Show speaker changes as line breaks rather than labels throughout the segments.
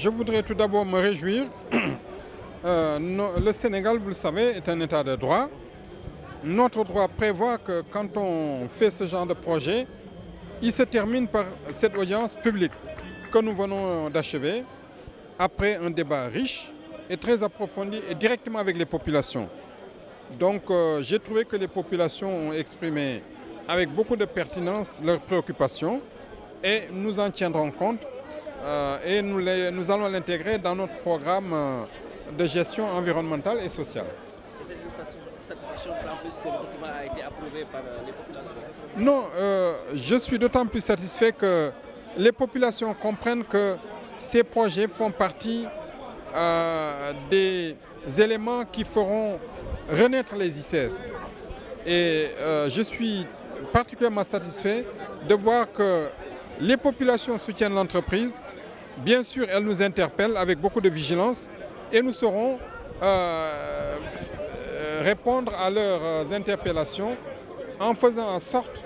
je voudrais tout d'abord me réjouir. Euh, le Sénégal, vous le savez, est un état de droit. Notre droit prévoit que quand fait ce genre de projet, il se termine par cette audience publique que nous venons d'achever, après un débat riche et très approfondi et directement avec les populations. Donc euh, j'ai trouvé que les populations ont exprimé avec beaucoup de pertinence leurs préoccupations et nous en tiendrons compte Euh, et nous, les, nous allons l'intégrer dans notre programme euh, de gestion environnementale et sociale. Et c'est une satisfaction d'autant plus que le document a été approuvé par euh, les populations Non, euh, je suis d'autant plus satisfait que les populations comprennent que ces projets font partie euh, des éléments qui feront renaître les ICS. Et euh, je suis particulièrement satisfait de voir que les populations soutiennent l'entreprise Bien sûr, elle nous interpelle avec beaucoup de vigilance et nous saurons euh, répondre à leurs euh, interpellations en faisant en sorte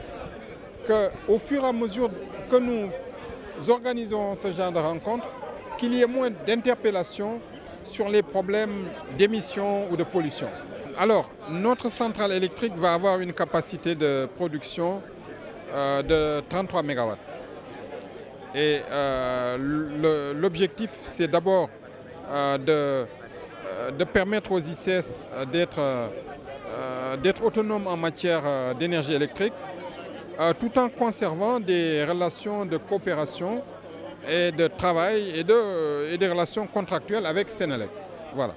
qu'au fur et à mesure que nous organisons ce genre de rencontre, qu'il y ait moins d'interpellations sur les problèmes d'émissions ou de pollution. Alors, notre centrale électrique va avoir une capacité de production euh, de 33 MW. Et euh, l'objectif, c'est d'abord euh, de, euh, de, permettre aux ICS euh, d'être euh, euh autonomes en matière d'énergie électrique, tout en conservant des relations de coopération et de travail et, de, et des relations contractuelles avec Sénélec. Voilà.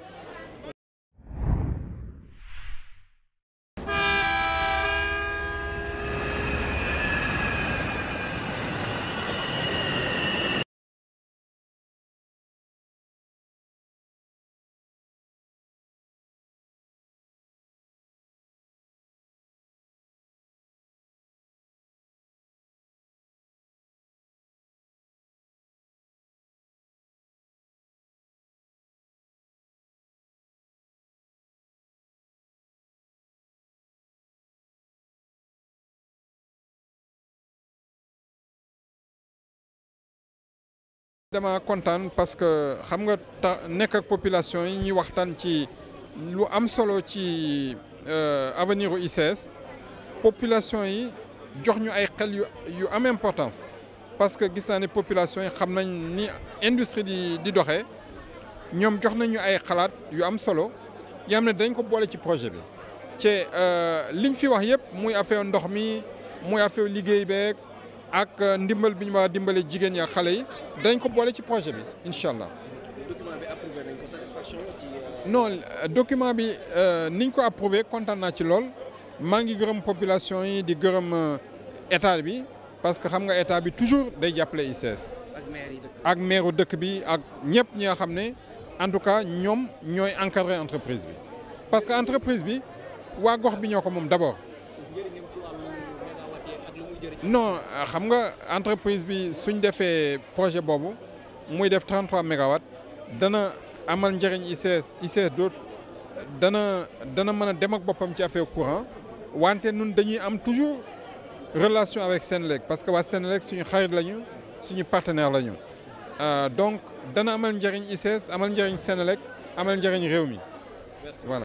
dama kontaan parce que xam nga ta nekk ak population yi ñuy waxtaan ci lu am solo ci euh, avenir u ICS population yi jox ñu ay xel yu am importance parce que gis naa ne population yi xam nañ ni industrie di di doxee ñoom jox nañu ay xalaat yu am solo yoo xam ne dañ ko boole ci projet bi ci euh, liñ fi wax yëpp muy affaire ndox mi muy affaire liggéey beeg. ak euh, ndimbal bi ñu war dimbale jigéen ñi xale yi dañ ko boole ci projet bi incha allah. document bi approuvé euh, non euh, document bi niñ ko approuvé kontaan naa ci lool maa ngi gërëm population yi di gërëm état bi parce que xam nga état bi toujours day jàppale ICS. ak maire dëkk bi ak ñëpp ñi nga xam ne en tout cas ñoom ñooy encadrer entreprise bi parce que entreprise bi waa gox bi ñoo ko moom d'abord. non xam nga entreprise bi suñ defee projet boobu muy def 33 mégawatts dana amal njëriñ i ICS doot dana dana mën a dem ak boppam ci affaire courant wante nun dañuy am toujours relation avec Senelec parce que waa Senelec suñu xarit lañu suñu partenaire lañu euh, donc dana amal njëriñ ICS amal njëriñ Senelec amal njariñ réew mi voilà